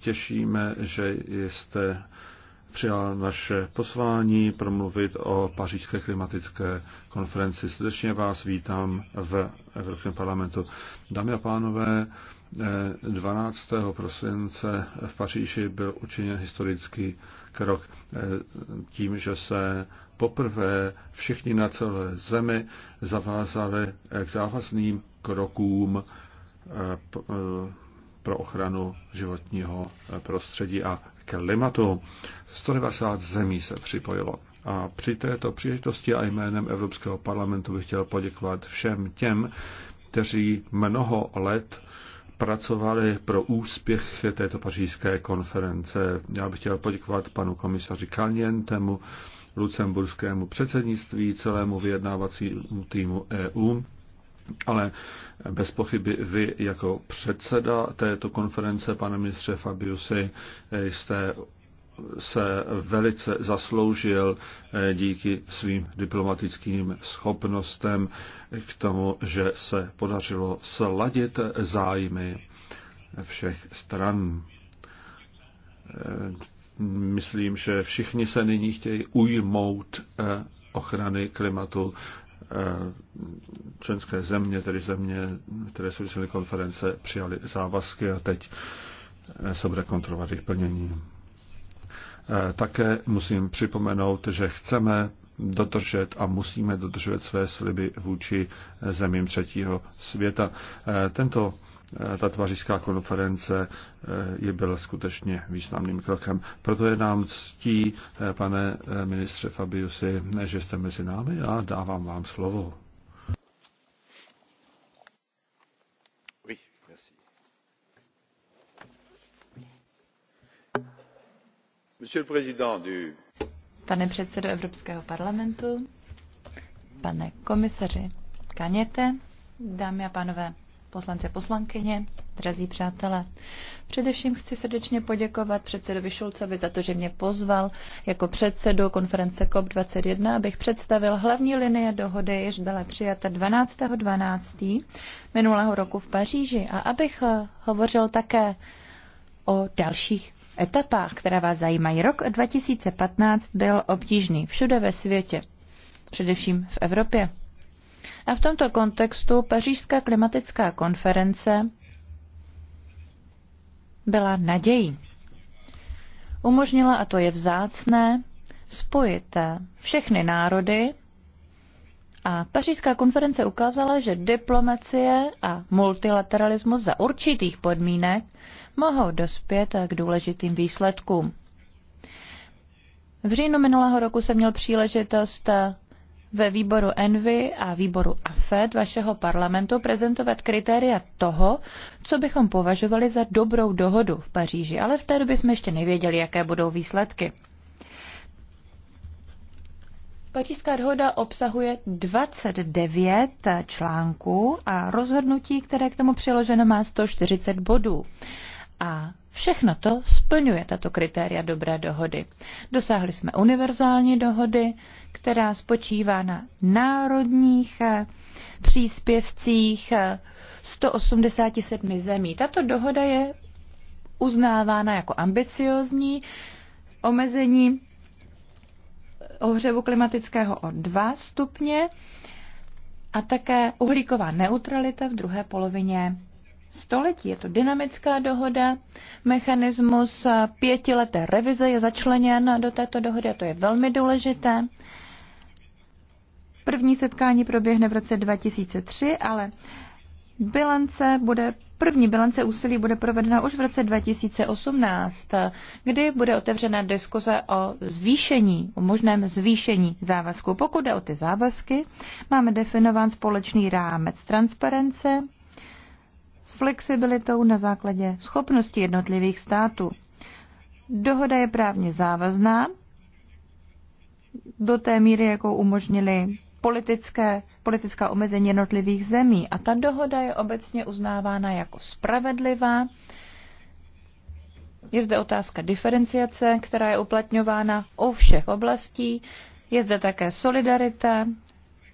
těšíme, že jste přijal naše pozvání promluvit o pařížské klimatické konferenci. Srdečně vás vítám v Evropském parlamentu. Dámy a pánové, 12. Eh, prosince v Paříži byl učiněn historický krok eh, tím, že se poprvé všichni na celé zemi zavázali k závazným krokům eh, pro ochranu životního eh, prostředí a klimatu. 190 zemí se připojilo. A při této příležitosti a jménem Evropského parlamentu bych chtěl poděkovat všem těm, kteří mnoho let pracovali pro úspěch této pařížské konference. Já bych chtěl poděkovat panu komisaři Kalnientemu, lucemburskému předsednictví, celému vyjednávacímu týmu EU ale bez pochyby vy jako předseda této konference, pane ministře Fabiusi, jste se velice zasloužil eh, díky svým diplomatickým schopnostem k tomu, že se podařilo sladit zájmy všech stran. Eh, myslím, že všichni se nyní chtějí ujmout eh, ochrany klimatu Eh, členské země, tedy země, které jsou členy konference, přijali závazky a teď eh, se bude kontrolovat jejich plnění. Eh, také musím připomenout, že chceme dodržet a musíme dodržovat své sliby vůči zemím třetího světa. Tento Eh, ta tvařická konference je eh, byla skutečně významným krokem. Proto je nám ctí, eh, pane ministře Fabiusi, že jste mezi námi a dávám vám slovo. Pane předsedo Evropského parlamentu, pane komisaři Kaněte, dámy a pánové, poslance poslankyně, drazí přátelé. Především chci srdečně poděkovat předsedovi Šulcovi za to, že mě pozval jako předsedu konference COP21, abych představil hlavní linie dohody, jež byla přijata 12.12. 12. minulého roku v Paříži a abych eh, hovořil také o dalších etapách, které vás zajímají. Rok 2015 byl obtížný všude ve světě, především v Evropě. A v tomto kontextu pařížská klimatická konference byla nadějí. Umožnila, a to je vzácné, spojit všechny národy a pařížská konference ukázala, že diplomacie a multilateralismus za určitých podmínek mohou dospět k důležitým výsledkům. V říjnu minulého roku jsem měl příležitost ve výboru Envy a výboru AFED vašeho parlamentu prezentovat kritéria toho, co bychom považovali za dobrou dohodu v Paříži, ale v té době jsme ještě nevěděli, jaké budou výsledky. Pařížská dohoda obsahuje 29 článků a rozhodnutí, které k tomu přiloženo má 140 bodů. A všechno to splňuje tato kritéria dobré dohody. Dosáhli jsme univerzální dohody, která spočívá na národních eh, příspěvcích 187 eh, zemí. Tato dohoda je uznávána jako ambiciozní, omezení ohřevu klimatického o 2 stupně a také uhlíková neutralita v druhé polovině století. Je to dynamická dohoda, mechanismus eh, pětileté revize je začleněn do této dohody a to je velmi důležité. První setkání proběhne v roce 2003, ale bilance bude, první bilance úsilí bude provedena už v roce 2018, kdy bude otevřena diskuze o zvýšení, o možném zvýšení závazků. Pokud jde o ty závazky, máme definován společný rámec transparence, s flexibilitou na základě schopnosti jednotlivých států. Dohoda je právně závazná do té míry, jakou umožnili politické, politická omezení jednotlivých zemí. A ta dohoda je obecně uznávána jako spravedlivá. Je zde otázka diferenciace, která je uplatňována u všech oblastí. Je zde také solidarita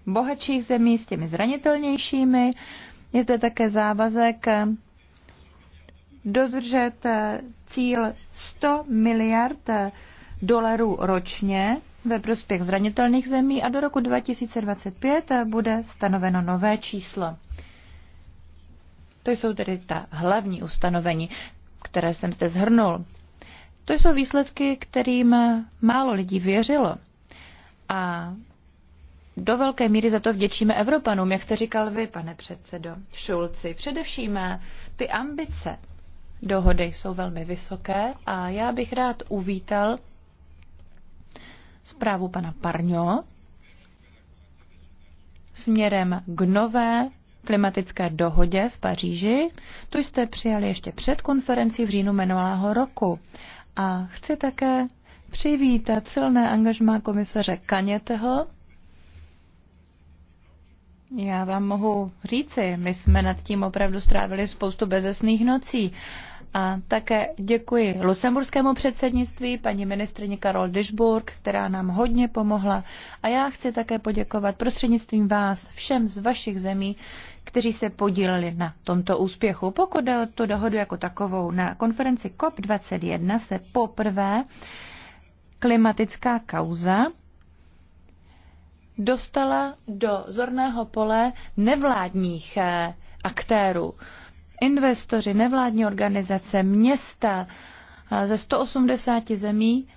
bohatších zemí s těmi zranitelnějšími. Je zde také závazek eh, dodržet eh, cíl 100 miliard eh, dolarů ročně ve prospěch zranitelných zemí a do roku 2025 bude stanoveno nové číslo. To jsou tedy ta hlavní ustanovení, které jsem zde zhrnul. To jsou výsledky, kterým málo lidí věřilo. A do velké míry za to vděčíme Evropanům, jak jste říkal vy, pane předsedo Šulci. Především eh, ty ambice dohody jsou velmi vysoké a já bych rád uvítal zprávu pana Parňo směrem k nové klimatické dohodě v Paříži. Tu jste přijali ještě před konferencí v říjnu minulého roku. A chci také přivítat silné angažmá komisaře Kaněteho já vám mohu říci, my jsme nad tím opravdu strávili spoustu bezesných nocí. A také děkuji lucemburskému předsednictví, paní ministrině Karol Dyšburg, která nám hodně pomohla. A já chci také poděkovat prostřednictvím vás všem z vašich zemí, kteří se podíleli na tomto úspěchu. Pokud jde o tu dohodu jako takovou, na konferenci COP21 se poprvé klimatická kauza dostala do zorného pole nevládních eh, aktérů. Investoři, nevládní organizace, města eh, ze 180 zemí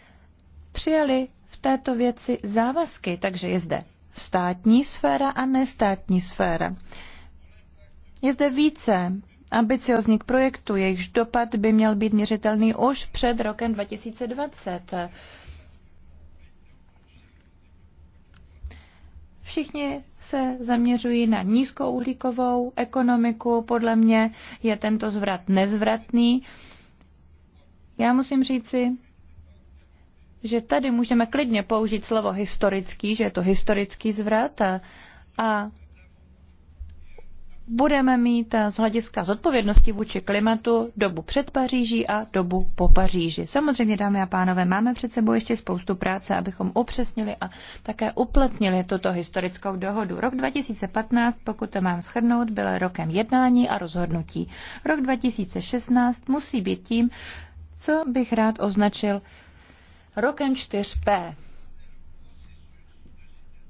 přijali v této věci závazky, takže je zde státní sféra a nestátní sféra. Je zde více ambiciozních projektů, jejichž dopad by měl být měřitelný už před rokem 2020. Všichni se zaměřují na nízkouhlíkovou ekonomiku. Podle mě je tento zvrat nezvratný. Já musím říci, že tady můžeme klidně použít slovo historický, že je to historický zvrat a, a budeme mít eh, z hlediska zodpovědnosti vůči klimatu dobu před Paříží a dobu po Paříži. Samozřejmě, dámy a pánové, máme před sebou ještě spoustu práce, abychom upřesnili a také uplatnili tuto historickou dohodu. Rok 2015, pokud to mám shrnout, byl rokem jednání a rozhodnutí. Rok 2016 musí být tím, co bych rád označil rokem 4P.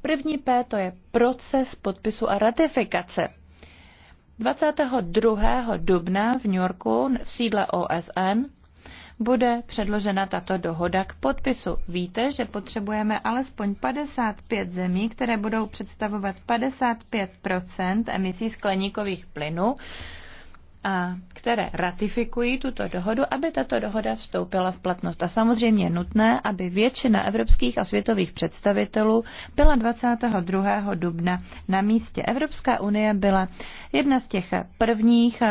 První P to je proces podpisu a ratifikace. 22. dubna v New Yorku v sídle OSN bude předložena tato dohoda k podpisu. Víte, že potřebujeme alespoň 55 zemí, které budou představovat 55 emisí skleníkových plynů a které ratifikují tuto dohodu, aby tato dohoda vstoupila v platnost. A samozřejmě je nutné, aby většina evropských a světových představitelů byla 22. dubna na místě. Evropská unie byla jedna z těch prvních,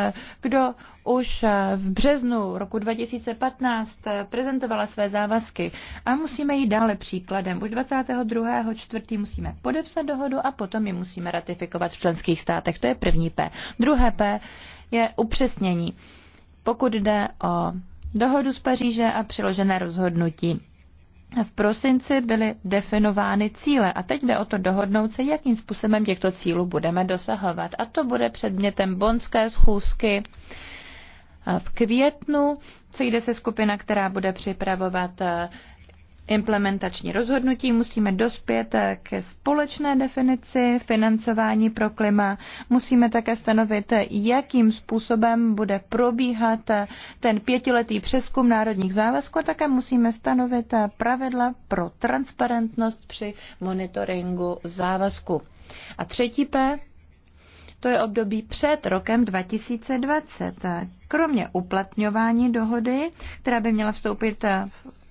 kdo už v březnu roku 2015 prezentovala své závazky a musíme jít dále příkladem. Už 22. čtvrtý musíme podepsat dohodu a potom ji musíme ratifikovat v členských státech. To je první P. Druhé P je upřesnění, pokud jde o dohodu z Paříže a přiložené rozhodnutí. V prosinci byly definovány cíle a teď jde o to dohodnout se, jakým způsobem těchto cílů budeme dosahovat. A to bude předmětem bonské schůzky. V květnu sejde se skupina, která bude připravovat implementační rozhodnutí, musíme dospět ke společné definici financování pro klima. Musíme také stanovit, jakým způsobem bude probíhat ten pětiletý přeskum národních závazků a také musíme stanovit pravidla pro transparentnost při monitoringu závazku. A třetí P, to je období před rokem 2020. Kromě uplatňování dohody, která by měla vstoupit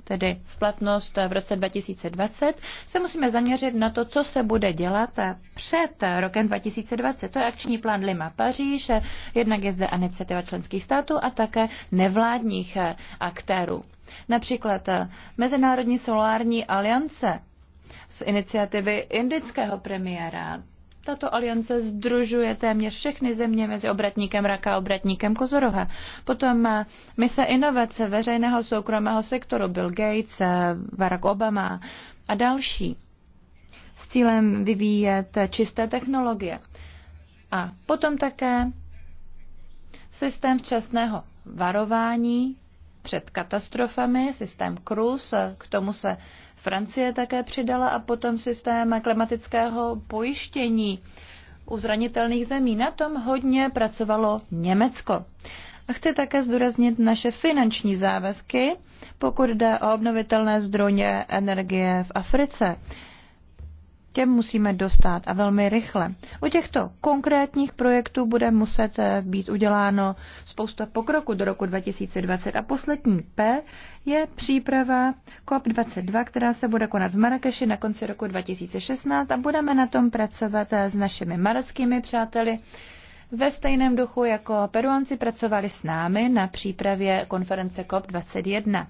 tedy v platnost v roce 2020, se musíme zaměřit na to, co se bude dělat před rokem 2020. To je akční plán Lima Paříž, jednak je zde iniciativa členských států a také nevládních aktérů. Například Mezinárodní solární aliance z iniciativy indického premiéra tato aliance združuje téměř všechny země mezi obratníkem Raka a obratníkem Kozoroha. Potom eh, mise inovace veřejného soukromého sektoru Bill Gates, eh, Barack Obama a další s cílem vyvíjet čisté technologie. A potom také systém včasného varování před katastrofami, systém KRUS, eh, k tomu se Francie také přidala a potom systém klimatického pojištění u zranitelných zemí. Na tom hodně pracovalo Německo. A chci také zdůraznit naše finanční závazky, pokud jde o obnovitelné zdroje energie v Africe těm musíme dostat a velmi rychle. U těchto konkrétních projektů bude muset eh, být uděláno spousta pokroku do roku 2020. A poslední P je příprava COP22, která se bude konat v Marrakeši na konci roku 2016 a budeme na tom pracovat eh, s našimi marockými přáteli. Ve stejném duchu jako Peruanci pracovali s námi na přípravě konference COP21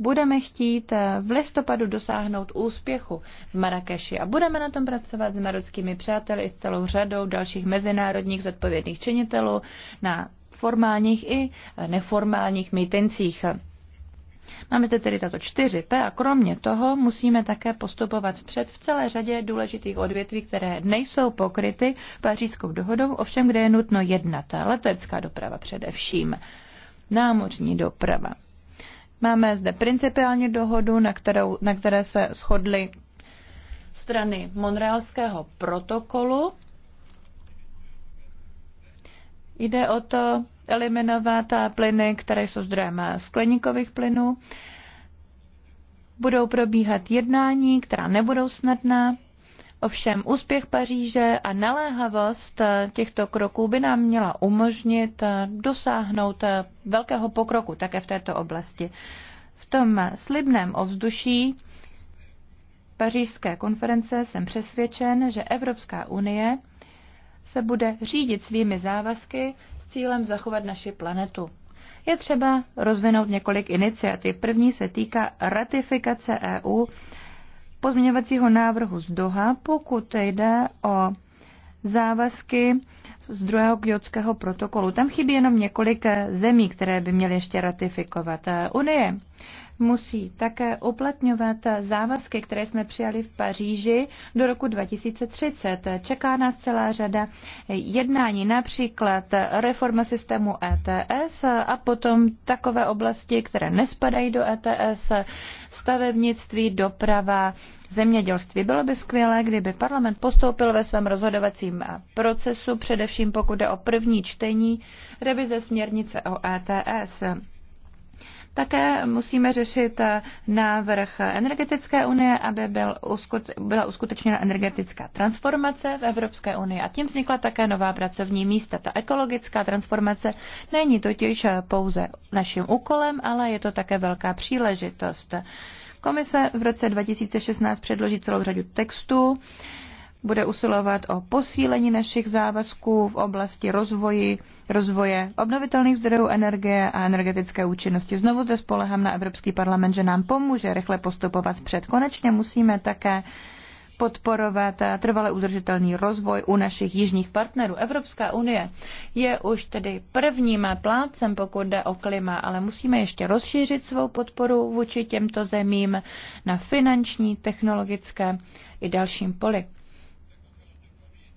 budeme chtít eh, v listopadu dosáhnout úspěchu v Marrakeši a budeme na tom pracovat s marockými přáteli i s celou řadou dalších mezinárodních zodpovědných činitelů na formálních i eh, neformálních mítencích. Máme zde tedy tato čtyři P a kromě toho musíme také postupovat vpřed v celé řadě důležitých odvětví, které nejsou pokryty pařížskou dohodou, ovšem kde je nutno jednat. Letecká doprava především, námořní doprava, Máme zde principiální dohodu, na, kterou, na které se shodly strany Monrealského protokolu. Jde o to eliminovat plyny, které jsou zdrojem skleníkových plynů. Budou probíhat jednání, která nebudou snadná. Ovšem úspěch Paříže a naléhavost eh, těchto kroků by nám měla umožnit eh, dosáhnout eh, velkého pokroku také v této oblasti. V tom slibném ovzduší pařížské konference jsem přesvědčen, že Evropská unie se bude řídit svými závazky s cílem zachovat naši planetu. Je třeba rozvinout několik iniciativ. První se týká ratifikace EU pozměňovacího návrhu z Doha, pokud jde o závazky z druhého kjotského protokolu. Tam chybí jenom několik zemí, které by měly ještě ratifikovat. Unie musí také uplatňovat závazky, které jsme přijali v Paříži do roku 2030. Čeká nás celá řada jednání, například reforma systému ETS a potom takové oblasti, které nespadají do ETS, stavebnictví, doprava, zemědělství. Bylo by skvělé, kdyby parlament postoupil ve svém rozhodovacím procesu, především pokud jde o první čtení revize směrnice o ETS. Také musíme řešit eh, návrh energetické unie, aby byl byla uskutečněna energetická transformace v Evropské unii a tím vznikla také nová pracovní místa. Ta ekologická transformace není totiž eh, pouze naším úkolem, ale je to také velká příležitost. Komise v roce 2016 předloží celou řadu textů, bude usilovat o posílení našich závazků v oblasti rozvoji, rozvoje obnovitelných zdrojů energie a energetické účinnosti. Znovu zde spolehám na Evropský parlament, že nám pomůže rychle postupovat před. Konečně musíme také podporovat trvale udržitelný rozvoj u našich jižních partnerů. Evropská unie je už tedy prvním plátcem, pokud jde o klima, ale musíme ještě rozšířit svou podporu vůči těmto zemím na finanční, technologické i dalším poli.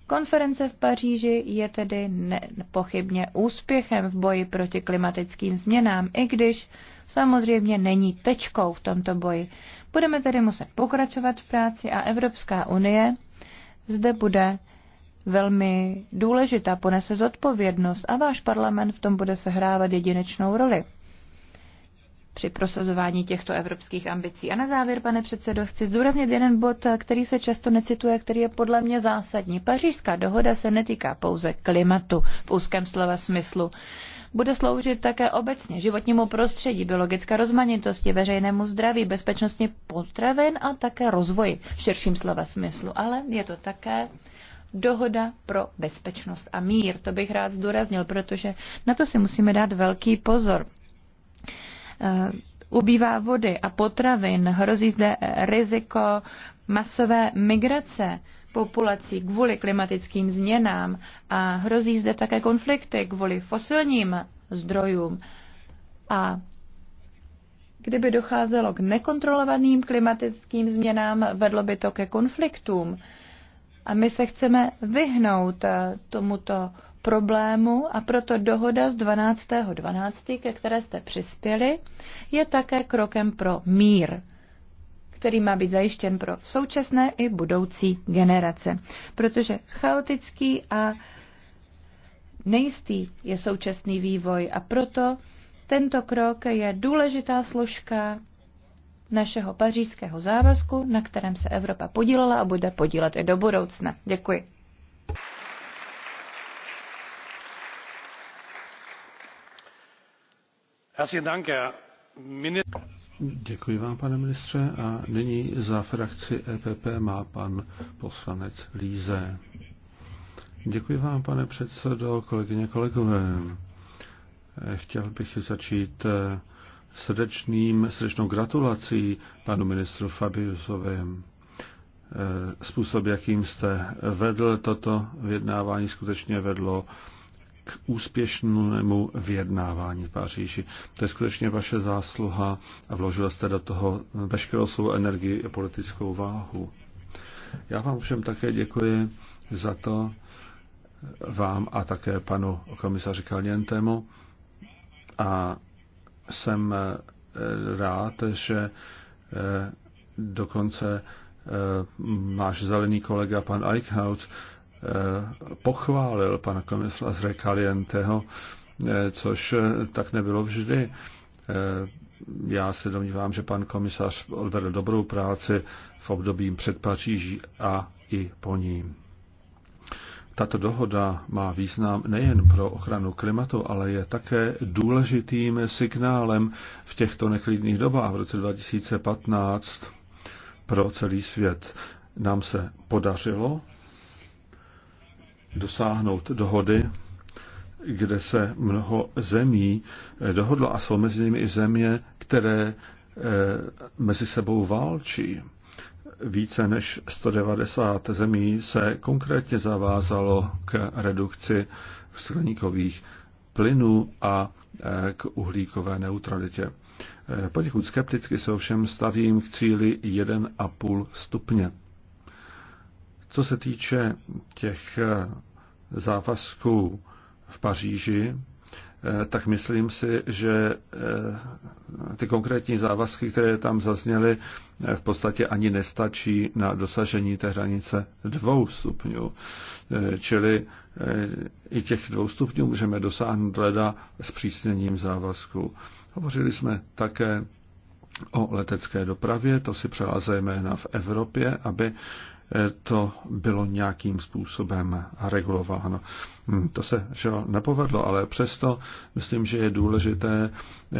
Konference v Paříži je tedy nepochybně úspěchem v boji proti klimatickým změnám, i když samozřejmě není tečkou v tomto boji. Budeme tedy muset pokračovat v práci a Evropská unie zde bude velmi důležitá, ponese zodpovědnost a váš parlament v tom bude sehrávat jedinečnou roli při prosazování těchto evropských ambicí. A na závěr, pane předsedo, chci zdůraznit jeden bod, který se často necituje, který je podle mě zásadní. Pařížská dohoda se netýká pouze klimatu v úzkém slova smyslu. Bude sloužit také obecně životnímu prostředí, biologické rozmanitosti, veřejnému zdraví, bezpečnosti potravin a také rozvoji v širším slova smyslu. Ale je to také dohoda pro bezpečnost a mír. To bych rád zdůraznil, protože na to si musíme dát velký pozor. Eh, ubývá vody a potravin, hrozí zde riziko masové migrace populací kvůli klimatickým změnám a hrozí zde také konflikty kvůli fosilním zdrojům. A kdyby docházelo k nekontrolovaným klimatickým změnám, vedlo by to ke konfliktům. A my se chceme vyhnout eh, tomuto problému a proto dohoda z 12.12., 12., ke které jste přispěli, je také krokem pro mír, který má být zajištěn pro současné i budoucí generace. Protože chaotický a nejistý je současný vývoj a proto tento krok je důležitá složka našeho pařížského závazku, na kterém se Evropa podílela a bude podílet i do budoucna. Děkuji. Děkuji vám, pane ministře. A nyní za frakci EPP má pan poslanec Líze. Děkuji vám, pane předsedo, kolegyně, kolegové. Chtěl bych začít eh, srdečným, srdečnou gratulací panu ministru Fabiusovi. Eh, způsob, jakým jste vedl toto vyjednávání, skutečně vedlo k úspěšnému vyjednávání v Paříži. To je skutečně vaše zásluha a vložila jste do toho veškerou svou energii a politickou váhu. Já vám všem také děkuji za to, vám a také panu komisaři Kalněntemu. A jsem eh, rád, že eh, dokonce eh, náš zelený kolega pan Eichhout Eh, pochválil pana z Rekalienteho, eh, což eh, tak nebylo vždy. Já se domnívám, že pan komisař odvedl dobrou práci v období před Paříží a i po ním. Tato dohoda má význam nejen pro ochranu klimatu, ale je také důležitým signálem v těchto neklidných dobách v roce 2015 pro celý svět. Nám se podařilo dosáhnout dohody, kde se mnoho zemí eh, dohodlo a jsou mezi nimi i země, které eh, mezi sebou válčí. Více než 190 zemí se konkrétně zavázalo k redukci skleníkových plynů a eh, k uhlíkové neutralitě. Poněkud skepticky se ovšem stavím k cíli 1,5 stupně. Co se týče těch eh, závazků v Paříži, eh, tak myslím si, že eh, ty konkrétní závazky, které tam zazněly, v podstatě ani nestačí na dosažení té hranice dvou stupňů. Čili i těch dvou stupňů můžeme dosáhnout leda s přísněním závazků. Hovořili jsme také o letecké dopravě, to si přelázejme na v Evropě, aby to bylo nějakým způsobem regulováno. Hm, to se že nepovedlo, ale přesto myslím, že je důležité,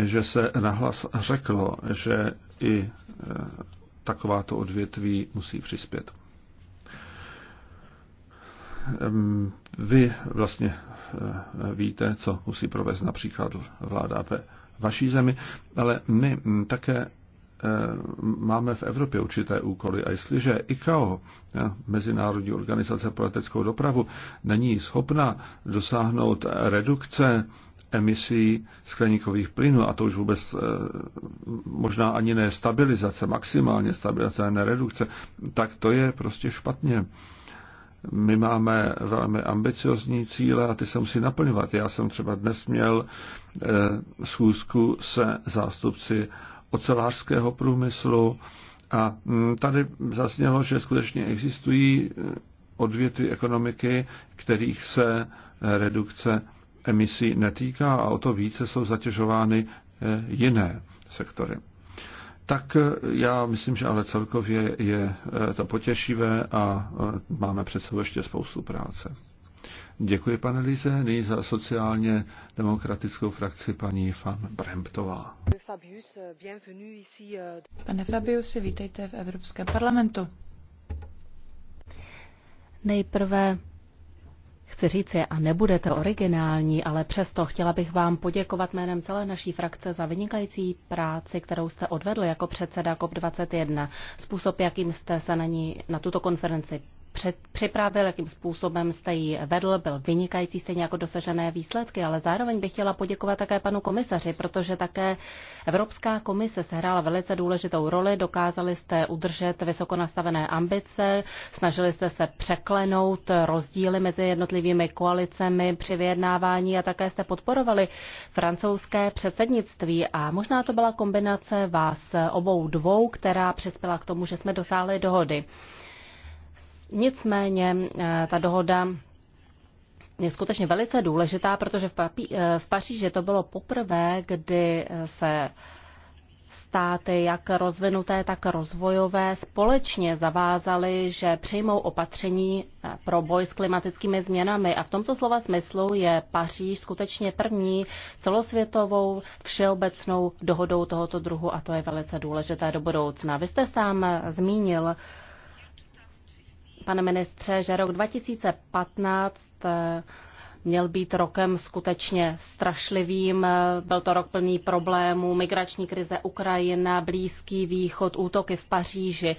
že se nahlas řeklo, že i e, takováto odvětví musí přispět. Hm, vy vlastně e, víte, co musí provést například vláda ve vaší zemi, ale my hm, také Eh, máme v Evropě určité úkoly. A jestliže ICAO, eh, Mezinárodní organizace pro leteckou dopravu, není schopna dosáhnout redukce emisí skleníkových plynů, a to už vůbec eh, možná ani ne stabilizace, maximálně stabilizace, ne redukce, tak to je prostě špatně. My máme velmi ambiciozní cíle a ty se musí naplňovat. Já jsem třeba dnes měl schůzku se zástupci ocelářského průmyslu. A mm, tady zaznělo, že skutečně existují eh, odvětví ekonomiky, kterých se eh, redukce emisí netýká a o to více jsou zatěžovány eh, jiné sektory. Tak já myslím, že ale celkově je to potěšivé a máme před sebou ještě spoustu práce. Děkuji, pane Lize. Nyní za sociálně demokratickou frakci paní Fan Bremptová. Pane Fabiusi, vítejte v Evropském parlamentu. Nejprve chci říci, a nebudete originální, ale přesto chtěla bych vám poděkovat jménem celé naší frakce za vynikající práci, kterou jste odvedl jako předseda COP21. Způsob, jakým jste se na, ní, na tuto konferenci před, připravil, jakým způsobem jste ji vedl, byl vynikající stejně jako dosažené výsledky, ale zároveň bych chtěla poděkovat také panu komisaři, protože také Evropská komise sehrála velice důležitou roli, dokázali jste udržet vysoko nastavené ambice, snažili jste se překlenout rozdíly mezi jednotlivými koalicemi při vyjednávání a také jste podporovali francouzské předsednictví a možná to byla kombinace vás obou dvou, která přispěla k tomu, že jsme dosáhli dohody. Nicméně eh, ta dohoda je skutečně velice důležitá, protože v, Papí, eh, v Paříži to bylo poprvé, kdy eh, se státy, jak rozvinuté, tak rozvojové, společně zavázaly, že přijmou opatření pro boj s klimatickými změnami. A v tomto slova smyslu je Paříž skutečně první celosvětovou všeobecnou dohodou tohoto druhu a to je velice důležité do budoucna. Vy jste sám zmínil pane ministře, že rok 2015 eh, měl být rokem skutečně strašlivým. Byl to rok plný problémů, migrační krize Ukrajina, Blízký východ, útoky v Paříži.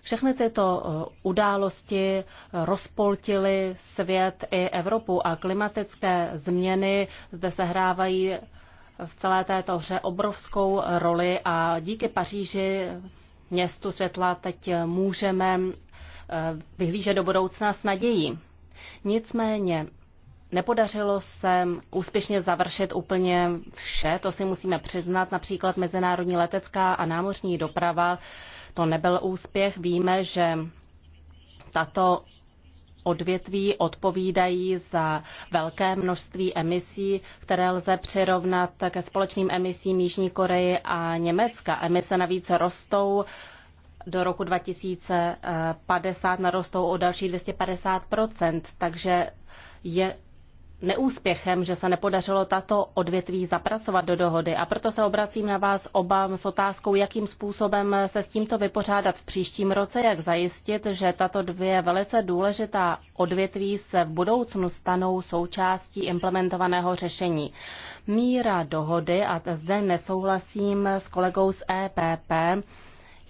Všechny tyto eh, události eh, rozpoltily svět i Evropu a klimatické změny zde sehrávají v celé této hře obrovskou roli a díky Paříži městu světla teď můžeme Eh, vyhlíže do budoucna s nadějí. Nicméně Nepodařilo se úspěšně završit úplně vše, to si musíme přiznat, například mezinárodní letecká a námořní doprava, to nebyl úspěch. Víme, že tato odvětví odpovídají za velké množství emisí, které lze přirovnat ke společným emisím Jižní Koreji a Německa. Emise navíc rostou do roku 2050 narostou o další 250 takže je neúspěchem, že se nepodařilo tato odvětví zapracovat do dohody. A proto se obracím na vás oba s otázkou, jakým způsobem se s tímto vypořádat v příštím roce, jak zajistit, že tato dvě velice důležitá odvětví se v budoucnu stanou součástí implementovaného řešení. Míra dohody, a zde nesouhlasím s kolegou z EPP,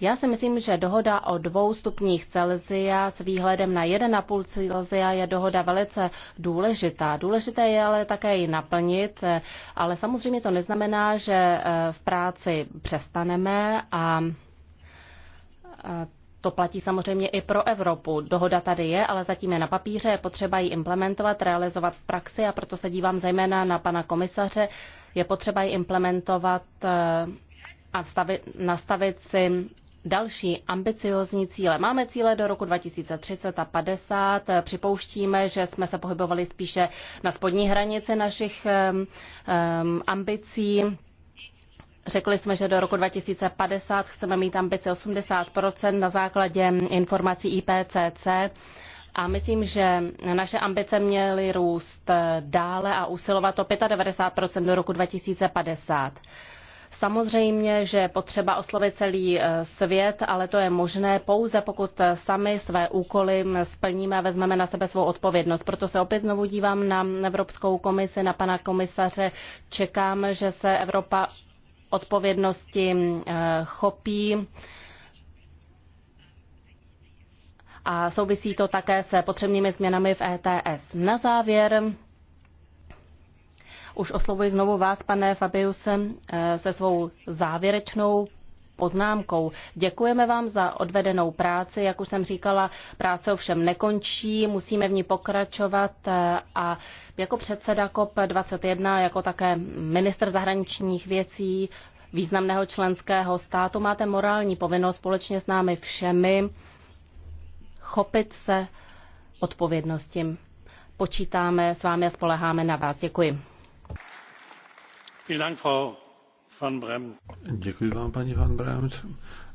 já si myslím, že dohoda o dvou stupních Celzia s výhledem na 1,5 Celzia je dohoda velice důležitá. Důležité je ale také ji naplnit, eh, ale samozřejmě to neznamená, že eh, v práci přestaneme a eh, to platí samozřejmě i pro Evropu. Dohoda tady je, ale zatím je na papíře, je potřeba ji implementovat, realizovat v praxi a proto se dívám zejména na pana komisaře. Je potřeba ji implementovat a stavit, nastavit si další ambiciozní cíle. Máme cíle do roku 2030 a 50. Připouštíme, že jsme se pohybovali spíše na spodní hranici našich um, ambicí. Řekli jsme, že do roku 2050 chceme mít ambice 80 na základě informací IPCC a myslím, že naše ambice měly růst dále a usilovat o 95 do roku 2050. Samozřejmě, že je potřeba oslovit celý e, svět, ale to je možné pouze, pokud e, sami své úkoly splníme a vezmeme na sebe svou odpovědnost. Proto se opět znovu dívám na Evropskou komisi, na pana komisaře. Čekám, že se Evropa odpovědnosti e, chopí. A souvisí to také se potřebnými změnami v ETS. Na závěr už oslovuji znovu vás, pane Fabiuse, eh, se svou závěrečnou poznámkou. Děkujeme vám za odvedenou práci. Jak už jsem říkala, práce ovšem nekončí, musíme v ní pokračovat eh, a jako předseda COP21, jako také minister zahraničních věcí významného členského státu máte morální povinnost společně s námi všemi chopit se odpovědnosti. Počítáme s vámi a spoleháme na vás. Děkuji. Děkuji vám, paní van Bremt.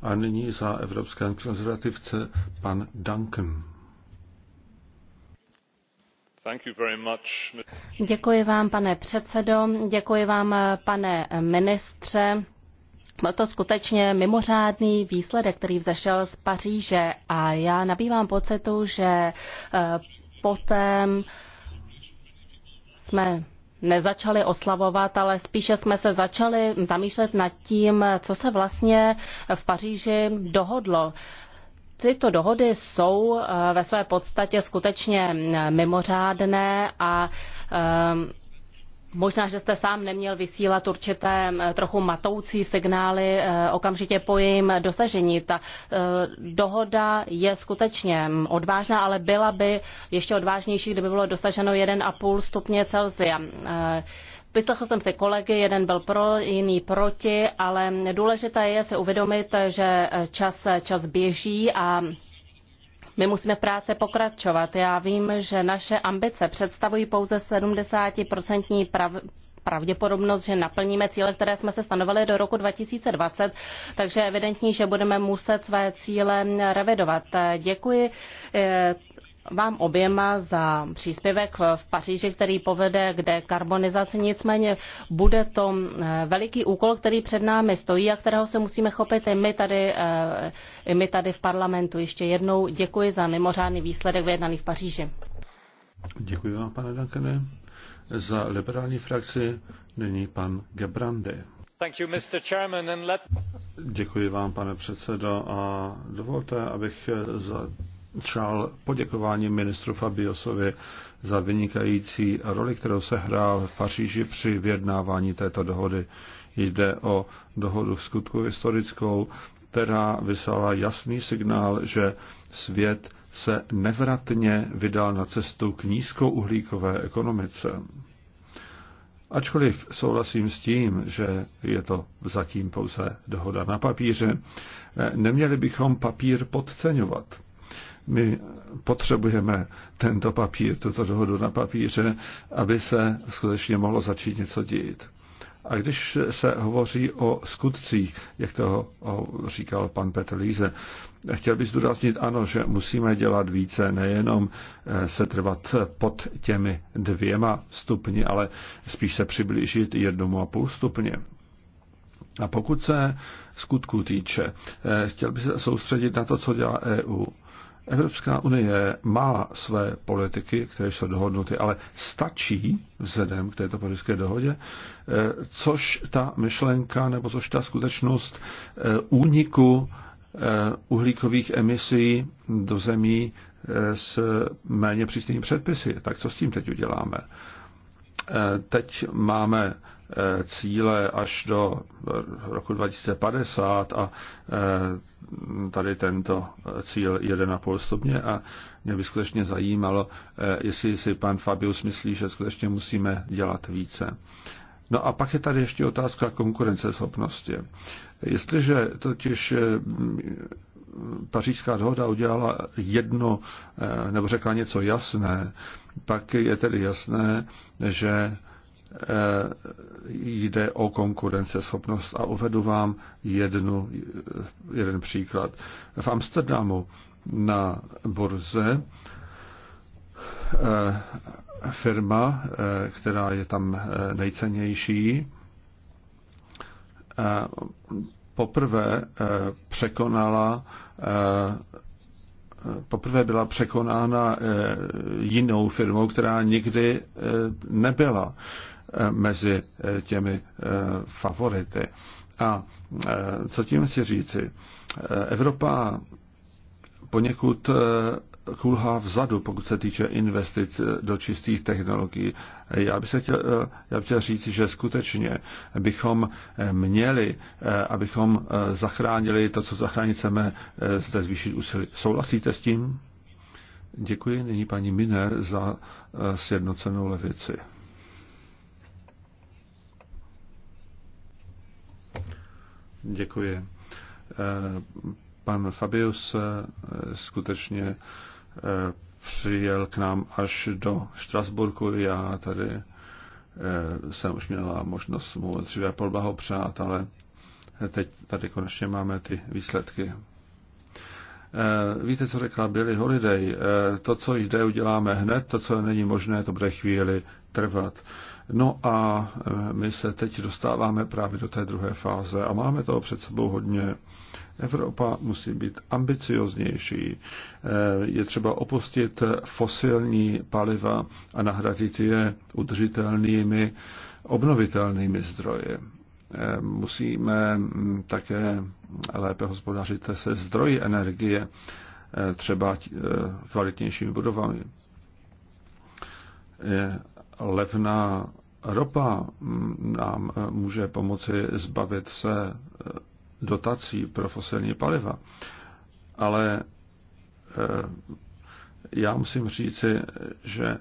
A nyní za evropské konzervativce pan Duncan. Děkuji vám, pane předsedo, děkuji vám, pane ministře. Byl to skutečně mimořádný výsledek, který vzešel z Paříže a já nabývám pocitu, že eh, potom jsme nezačali oslavovat, ale spíše jsme se začali zamýšlet nad tím, co se vlastně v Paříži dohodlo. Tyto dohody jsou eh, ve své podstatě skutečně eh, mimořádné a eh, Možná, že jste sám neměl vysílat určité trochu matoucí signály e, okamžitě po jejím dosažení. Ta e, dohoda je skutečně odvážná, ale byla by ještě odvážnější, kdyby bylo dosaženo 1,5 stupně Celsia. E, Vyslechl jsem si kolegy, jeden byl pro, jiný proti, ale důležité je si uvědomit, že čas, čas běží a my musíme práce pokračovat. Já vím, že naše ambice představují pouze 70% prav, pravděpodobnost, že naplníme cíle, které jsme se stanovili do roku 2020, takže je evidentní, že budeme muset své cíle revidovat. Děkuji eh, vám oběma za příspěvek v Paříži, který povede k dekarbonizaci. Nicméně bude to eh, veliký úkol, který před námi stojí a kterého se musíme chopit i my tady, eh, i my tady v parlamentu. Ještě jednou děkuji za mimořádný výsledek vyjednaný v Paříži. Děkuji vám, pane Dankene. Za liberální frakci nyní pan Gebrande. Děkuji vám, pane předsedo, a dovolte, abych za přál poděkování ministru Fabiosovi za vynikající roli, kterou se hrál v Paříži při vyjednávání této dohody. Jde o dohodu v skutku historickou, která vyslala jasný signál, že svět se nevratně vydal na cestu k nízkouhlíkové ekonomice. Ačkoliv souhlasím s tím, že je to zatím pouze dohoda na papíře, neměli bychom papír podceňovat my potřebujeme tento papír, tuto dohodu na papíře, aby se skutečně mohlo začít něco dít. A když se hovoří o skutcích, jak toho říkal pan Petr Líze, chtěl bych zdůraznit, ano, že musíme dělat více, nejenom eh, se trvat pod těmi dvěma stupni, ale spíš se přiblížit jednomu a půl stupně. A pokud se skutku týče, eh, chtěl bych se soustředit na to, co dělá EU. Evropská unie má své politiky, které jsou dohodnuty, ale stačí vzhledem k této politické dohodě, eh, což ta myšlenka nebo což ta skutečnost eh, úniku eh, uhlíkových emisí do zemí s méně přísnými předpisy. Tak co s tím teď uděláme? Teď máme cíle až do roku 2050 a e, tady tento cíl 1,5 stupně a mě by skutečně zajímalo, e, jestli si pan Fabius myslí, že skutečně musíme dělat více. No a pak je tady ještě otázka konkurenceschopnosti. Jestliže totiž e, pařížská dohoda udělala jedno, nebo řekla něco jasné, pak je tedy jasné, že Eh, jde o konkurenceschopnost a uvedu vám jednu, jeden příklad. V Amsterdamu na burze eh, firma, eh, která je tam nejcennější, poprvé překonala poprvé byla překonána jinou firmou, která nikdy nebyla mezi eh, těmi eh, favority. A eh, co tím chci říci? Evropa poněkud kulhá vzadu, pokud se týče investic do čistých technologií. Já bych, se chtěl, já bych chtěl říct, že skutečně bychom měli, abychom zachránili to, co zachránit chceme, zde zvýšit úsilí. Souhlasíte s tím? Děkuji nyní paní Miner za sjednocenou levici. Děkuji. Eh, pan Fabius eh, skutečně eh, přijel k nám až do Štrasburku. Já tady jsem už měla možnost mu dříve poblahopřát, ale teď tady konečně máme ty výsledky. Víte, co řekla Billy Holiday? To, co jde, uděláme hned, to, co není možné, to bude chvíli trvat. No a e, my se teď dostáváme právě do té druhé fáze a máme toho před sebou hodně. Evropa musí být ambicioznější. E, je třeba opustit fosilní paliva a nahradit je udržitelnými obnovitelnými zdroji. E, musíme také lépe hospodařit se zdroji energie, třeba kvalitnějšími budovami levná ropa nám eh, může pomoci zbavit se eh, dotací pro fosilní paliva. Ale eh, já musím říci, že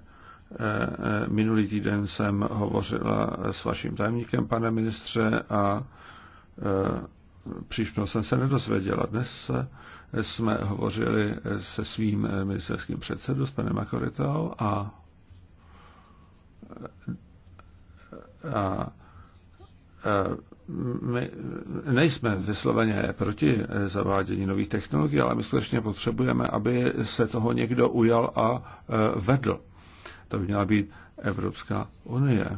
minulý týden jsem hovořila s vaším tajemníkem, pane ministře, a příště jsem se nedozvěděl. Dnes jsme hovořili se svým ministerským předsedou, s panem Akoritou, a a my nejsme vysloveně proti zavádění nových technologií, ale my skutečně potřebujeme, aby se toho někdo ujal a e, vedl. To by měla být Evropská unie. E,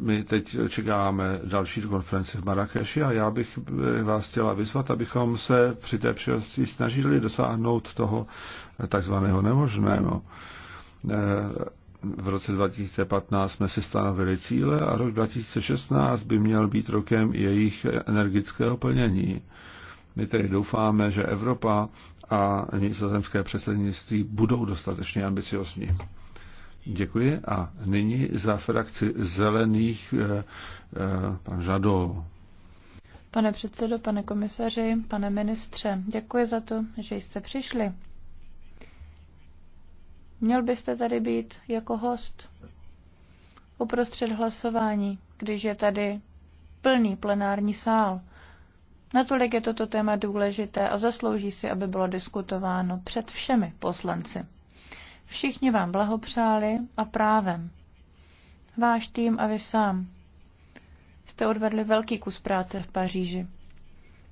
my teď čekáme další konferenci v Marrakeši a já bych e, vás chtěla vyzvat, abychom se při té příležitosti snažili dosáhnout toho takzvaného nemožného. Eh, v roce 2015 jsme si stanovili cíle a rok 2016 by měl být rokem jejich energického plnění. My tedy doufáme, že Evropa a nizozemské předsednictví budou dostatečně ambiciozní. Děkuji a nyní za frakci zelených eh, eh, pan Žado. Pane předsedo, pane komisaři, pane ministře, děkuji za to, že jste přišli. Měl byste tady být jako host uprostřed hlasování, když je tady plný plenární sál. Natolik je toto téma důležité a zaslouží si, aby bylo diskutováno před všemi poslanci. Všichni vám blahopřáli a právem. Váš tým a vy sám jste odvedli velký kus práce v Paříži.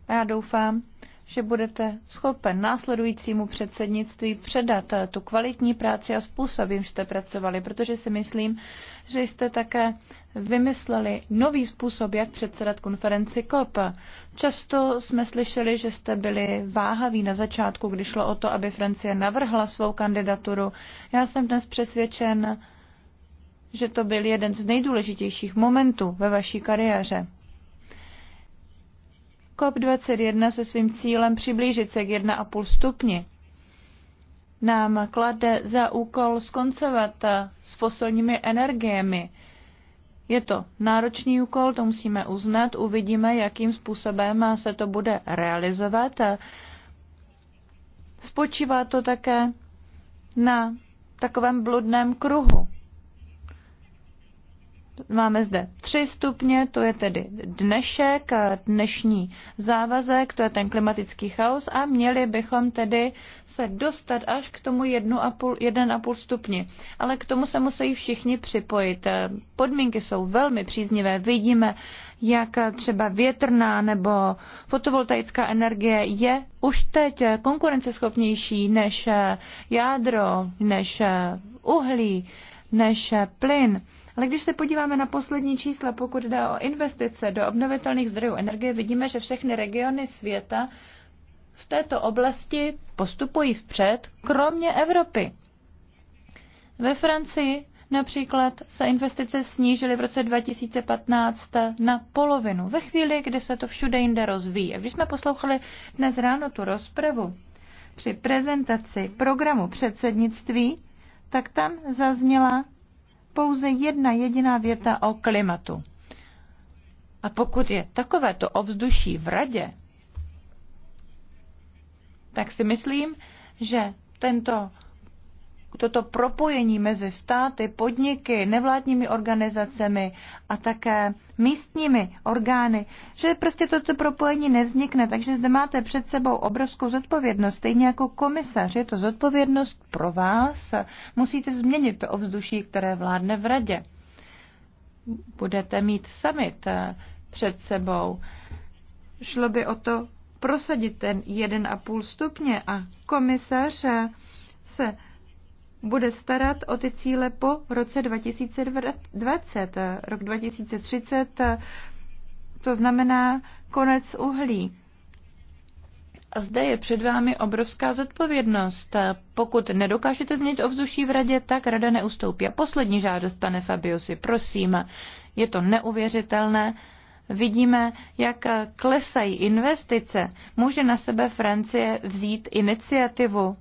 A já doufám, že budete schopen následujícímu předsednictví předat eh, tu kvalitní práci a způsob, jim jste pracovali, protože si myslím, že jste také vymysleli nový způsob, jak předsedat konferenci COP. Často jsme slyšeli, že jste byli váhaví na začátku, když šlo o to, aby Francie navrhla svou kandidaturu. Já jsem dnes přesvědčen, že to byl jeden z nejdůležitějších momentů ve vaší kariéře. COP21 se svým cílem přiblížit se k 1,5 stupni nám klade za úkol skoncovat s fosilními energiemi. Je to náročný úkol, to musíme uznat, uvidíme, jakým způsobem se to bude realizovat. Spočívá to také na takovém bludném kruhu. Máme zde tři stupně, to je tedy dnešek, dnešní závazek, to je ten klimatický chaos a měli bychom tedy se dostat až k tomu 1,5 stupni. Ale k tomu se musí všichni připojit. Podmínky jsou velmi příznivé. Vidíme, jak třeba větrná nebo fotovoltaická energie je už teď konkurenceschopnější než jádro, než uhlí, než plyn. Ale když se podíváme na poslední čísla, pokud jde o investice do obnovitelných zdrojů energie, vidíme, že všechny regiony světa v této oblasti postupují vpřed, kromě Evropy. Ve Francii Například se investice snížily v roce 2015 na polovinu, ve chvíli, kdy se to všude jinde rozvíjí. Když jsme poslouchali dnes ráno tu rozpravu při prezentaci programu předsednictví, tak tam zazněla pouze jedna jediná věta o klimatu. A pokud je takovéto ovzduší v radě, tak si myslím, že tento toto propojení mezi státy, podniky, nevládními organizacemi a také místními orgány, že prostě toto propojení nevznikne. Takže zde máte před sebou obrovskou zodpovědnost, stejně jako komisař. Je to zodpovědnost pro vás. Musíte změnit to ovzduší, které vládne v radě. Budete mít summit eh, před sebou. Šlo by o to prosadit ten 1,5 stupně a komisař eh, se bude starat o ty cíle po roce 2020. Rok 2030 to znamená konec uhlí. A zde je před vámi obrovská zodpovědnost. Pokud nedokážete změnit ovzduší v radě, tak rada neustoupí. A poslední žádost, pane Fabiosi, prosím, je to neuvěřitelné. Vidíme, jak klesají investice. Může na sebe Francie vzít iniciativu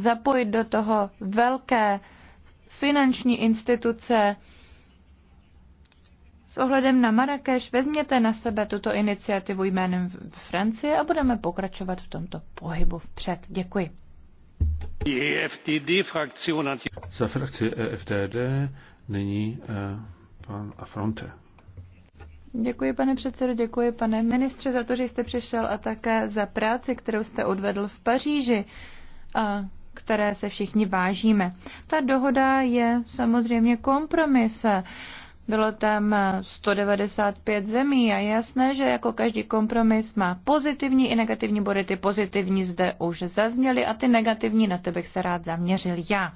zapojit do toho velké finanční instituce. S ohledem na Marrakeš vezměte na sebe tuto iniciativu jménem Francie a budeme pokračovat v tomto pohybu vpřed. Děkuji. Za frakci EFTD nyní eh, pan Afronte. Děkuji, pane předsedo, děkuji, pane ministře, za to, že jste přišel a také za práci, kterou jste odvedl v Paříži. A které se všichni vážíme. Ta dohoda je samozřejmě kompromis. Bylo tam 195 zemí a je jasné, že jako každý kompromis má pozitivní i negativní body. Ty pozitivní zde už zazněly a ty negativní na tebe se rád zaměřil já.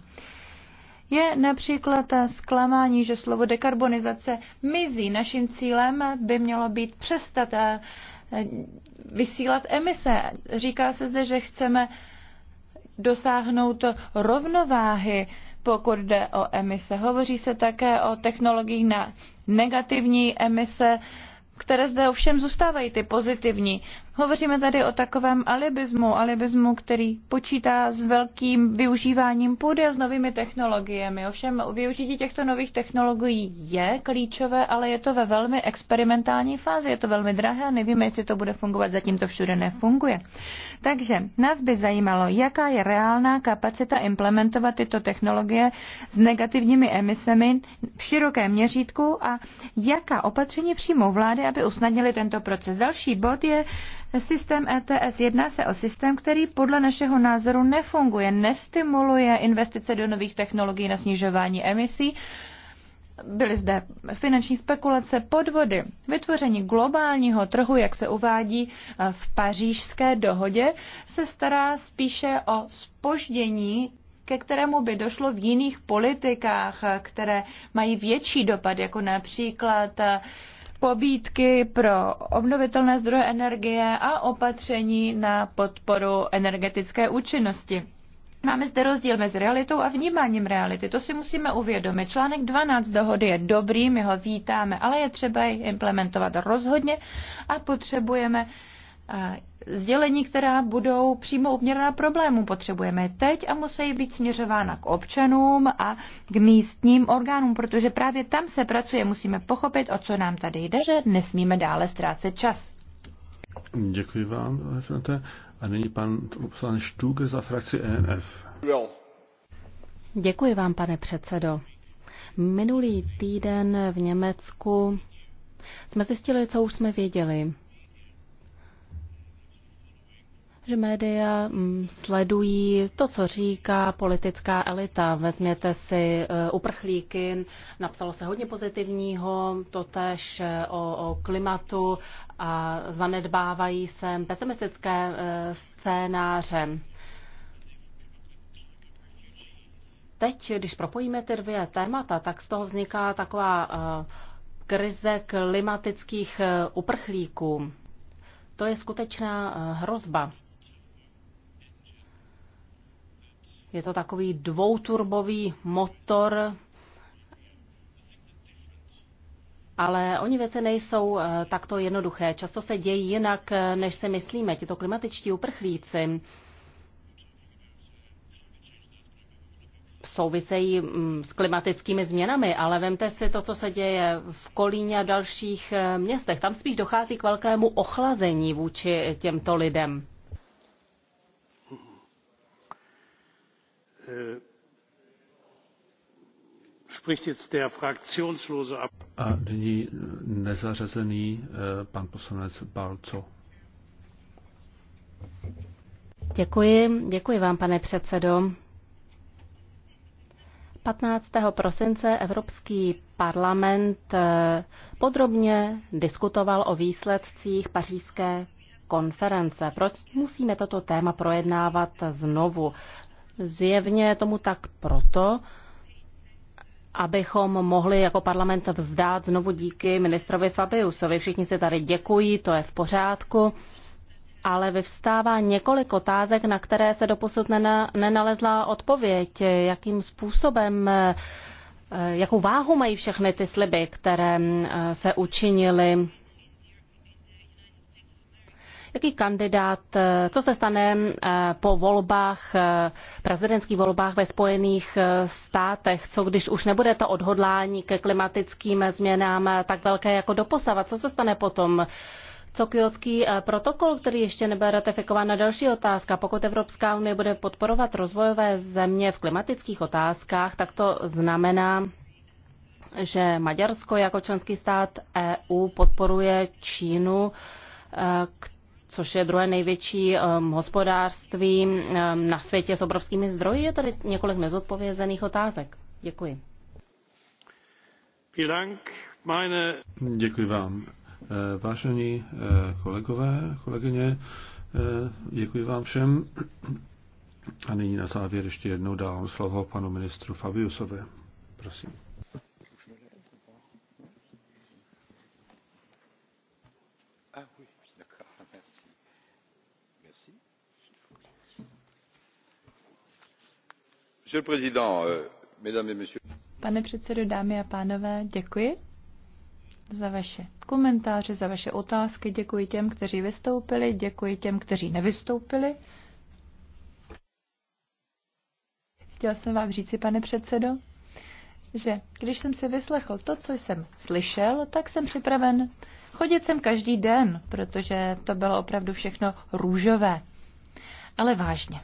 Je například zklamání, že slovo dekarbonizace mizí. Naším cílem by mělo být přestat eh, vysílat emise. Říká se zde, že chceme dosáhnout rovnováhy, pokud jde o emise. Hovoří se také o technologiích na negativní emise, které zde ovšem zůstávají ty pozitivní. Hovoříme tady o takovém alibismu, alibismu, který počítá s velkým využíváním půdy a s novými technologiemi. Ovšem využití těchto nových technologií je klíčové, ale je to ve velmi experimentální fázi, je to velmi drahé a nevíme, jestli to bude fungovat, zatím to všude nefunguje. Takže nás by zajímalo, jaká je reálná kapacita implementovat tyto technologie s negativními emisemi v širokém měřítku a jaká opatření přijmou vlády, aby usnadnili tento proces. Další bod je systém ETS. Jedná se o systém, který podle našeho názoru nefunguje, nestimuluje investice do nových technologií na snižování emisí Byly zde finanční spekulace, podvody, vytvoření globálního trhu, jak se uvádí eh, v pařížské dohodě, se stará spíše o spoždění ke kterému by došlo v jiných politikách, eh, které mají větší dopad, jako například eh, pobídky pro obnovitelné zdroje energie a opatření na podporu energetické účinnosti. Máme zde rozdíl mezi realitou a vnímáním reality. To si musíme uvědomit. Článek 12 dohody je dobrý, my ho vítáme, ale je třeba ji implementovat rozhodně a potřebujeme eh, sdělení, která budou přímo uměrná problému. Potřebujeme je teď a musí být směřována k občanům a k místním orgánům, protože právě tam se pracuje. Musíme pochopit, o co nám tady jde, že nesmíme dále ztrácet čas. Děkuji vám, Alexandre. A nyní pan poslanec Štúger za frakci ENF. Děkuji vám, pane předsedo. Minulý týden v Německu jsme zjistili, co už jsme věděli že média mm, sledují to, co říká politická elita. Vezměte si e, uprchlíky, napsalo se hodně pozitivního, totež e, o, o klimatu a zanedbávají se pesimistické e, scénáře. Teď, když propojíme ty dvě témata, tak z toho vzniká taková krize klimatických uprchlíků. To je skutečná hrozba. Je to takový dvouturbový motor, ale oni věci nejsou eh, takto jednoduché. Často se dějí jinak, eh, než se myslíme. Tyto klimatičtí uprchlíci souvisejí mm, s klimatickými změnami, ale vemte si to, co se děje v Kolíně a dalších eh, městech. Tam spíš dochází k velkému ochlazení vůči těmto lidem. Äh, A nyní nezařazený äh, pan poslanec Balco. Děkuji, děkuji vám, pane předsedo. 15. prosince Evropský parlament äh, podrobně diskutoval o výsledcích pařížské konference. Proč musíme toto téma projednávat znovu? Zjevně je tomu tak proto, abychom mohli jako parlament vzdát znovu díky ministrovi Fabiusovi. Všichni se tady děkují, to je v pořádku, ale vyvstává několik otázek, na které se doposud nenalezla odpověď. Jakým způsobem, eh, jakou váhu mají všechny ty sliby, které eh, se učinily jaký kandidát, eh, co se stane eh, po volbách, eh, prezidentských volbách ve Spojených státech, co když už nebude to odhodlání ke klimatickým změnám tak velké jako doposavat, co se stane potom? Co kyotský protokol, který ještě nebyl ratifikován, na další otázka. Pokud Evropská unie bude podporovat rozvojové země v klimatických otázkách, tak to znamená, že Maďarsko jako členský stát EU podporuje Čínu, k což je druhé největší um, hospodářství um, na světě s obrovskými zdroji. Je tady několik nezodpovězených otázek. Děkuji. Děkuji vám. Eh, vážení eh, kolegové, kolegyně, eh, děkuji vám všem. A nyní na závěr ještě jednou dávám slovo panu ministru Fabiusovi. Prosím. Euh, pane předsedo, dámy a pánové, děkuji za vaše komentáře, za vaše otázky. Děkuji těm, kteří vystoupili, děkuji těm, kteří nevystoupili. Chtěl jsem vám říci, pane předsedo, že když jsem si vyslechl to, co jsem slyšel, tak jsem připraven chodit sem každý den, protože to bylo opravdu všechno růžové. Ale vážně.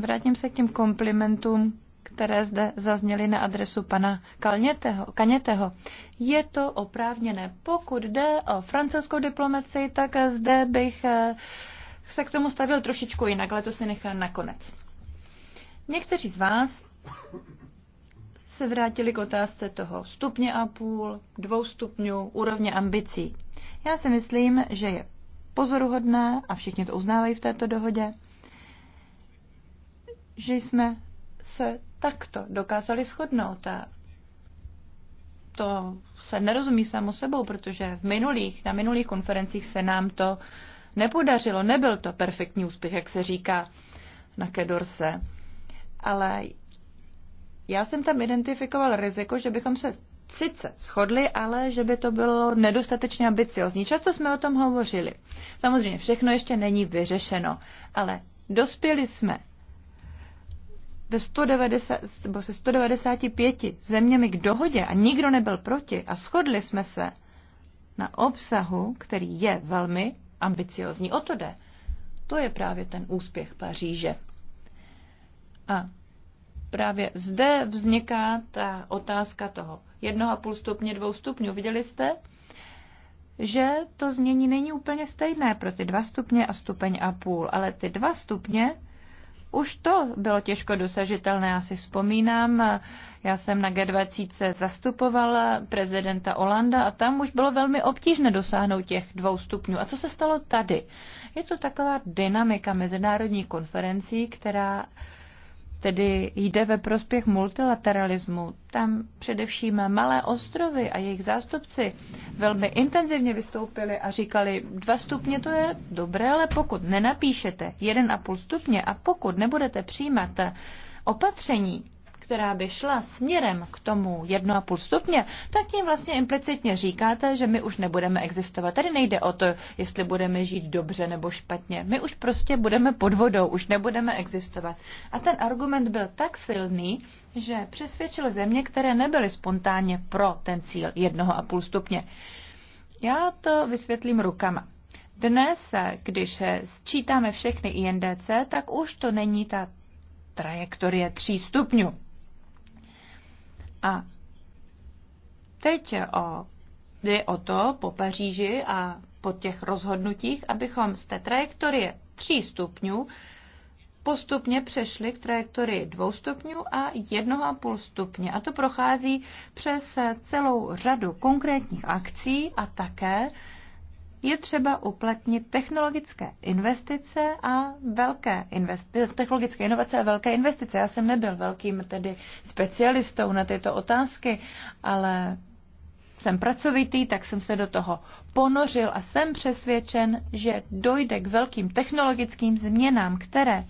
Vrátím se k těm komplimentům, které zde zazněly na adresu pana Kalněteho, Kaněteho. Je to oprávněné. Pokud jde o francouzskou diplomaci, tak zde bych eh, se k tomu stavil trošičku jinak, ale to si nechám nakonec. Někteří z vás se vrátili k otázce toho stupně a půl, dvou stupňů, úrovně ambicí. Já si myslím, že je pozoruhodné, a všichni to uznávají v této dohodě, že jsme se takto dokázali shodnout. A to se nerozumí samo sebou, protože v minulých, na minulých konferencích se nám to nepodařilo. Nebyl to perfektní úspěch, jak se říká na Kedorse. Ale já jsem tam identifikoval riziko, že bychom se sice shodli, ale že by to bylo nedostatečně ambiciozní. Často jsme o tom hovořili. Samozřejmě všechno ještě není vyřešeno, ale dospěli jsme ve 190, nebo se 195 zeměmi k dohodě a nikdo nebyl proti a shodli jsme se na obsahu, který je velmi ambiciozní. O to jde. To je právě ten úspěch Paříže. A právě zde vzniká ta otázka toho 1,5 stupně, 2 stupňů. Viděli jste, že to změní není úplně stejné pro ty 2 stupně a stupeň a půl, ale ty 2 stupně už to bylo těžko dosažitelné, já si vzpomínám. Já jsem na G20 zastupovala prezidenta Olanda a tam už bylo velmi obtížné dosáhnout těch dvou stupňů. A co se stalo tady? Je to taková dynamika mezinárodních konferencí, která tedy jde ve prospěch multilateralismu. Tam především malé ostrovy a jejich zástupci velmi intenzivně vystoupili a říkali, dva stupně to je dobré, ale pokud nenapíšete jeden a půl stupně a pokud nebudete přijímat opatření, která by šla směrem k tomu 1,5 stupně, tak tím vlastně implicitně říkáte, že my už nebudeme existovat. Tady nejde o to, jestli budeme žít dobře nebo špatně. My už prostě budeme pod vodou, už nebudeme existovat. A ten argument byl tak silný, že přesvědčil země, které nebyly spontánně pro ten cíl 1,5 stupně. Já to vysvětlím rukama. Dnes, když sčítáme všechny INDC, tak už to není ta trajektorie 3 stupňů. A teď o, jde o to po Paříži a po těch rozhodnutích, abychom z té trajektorie 3 stupňů postupně přešli k trajektorii 2 stupňů a jednoho stupně. A to prochází přes celou řadu konkrétních akcí a také je třeba uplatnit technologické investice a velké investice, technologické inovace a velké investice. Já jsem nebyl velkým tedy specialistou na tyto otázky, ale jsem pracovitý, tak jsem se do toho ponořil a jsem přesvědčen, že dojde k velkým technologickým změnám, které